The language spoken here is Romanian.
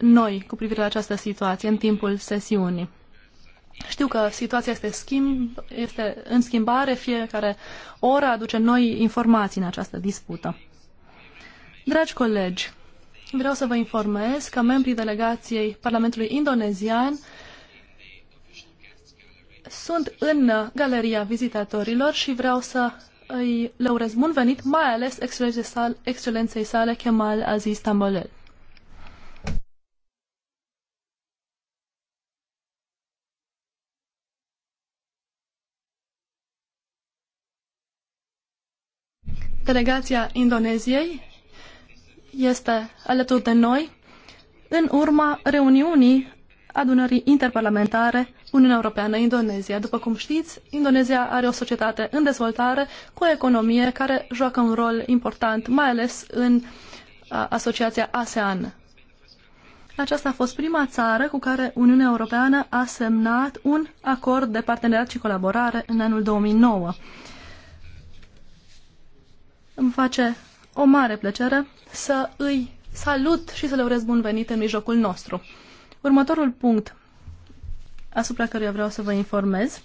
noi cu privire la această situație în timpul sesiunii. Știu că situația este, schimb, este în schimbare, fiecare oră aduce noi informații în această dispută. Dragi colegi, vreau să vă informez că membrii delegației Parlamentului Indonezian sunt în galeria vizitatorilor și vreau să îi le urez bun venit, mai ales excelenței sale, excelenței sale Kemal Aziz Tambolel. delegația Indoneziei este alături de noi în urma reuniunii adunării interparlamentare Uniunea Europeană-Indonezia. După cum știți, Indonezia are o societate în dezvoltare cu o economie care joacă un rol important, mai ales în asociația ASEAN. Aceasta a fost prima țară cu care Uniunea Europeană a semnat un acord de parteneriat și colaborare în anul 2009 îmi face o mare plăcere să îi salut și să le urez bun venit în mijlocul nostru. Următorul punct asupra căruia vreau să vă informez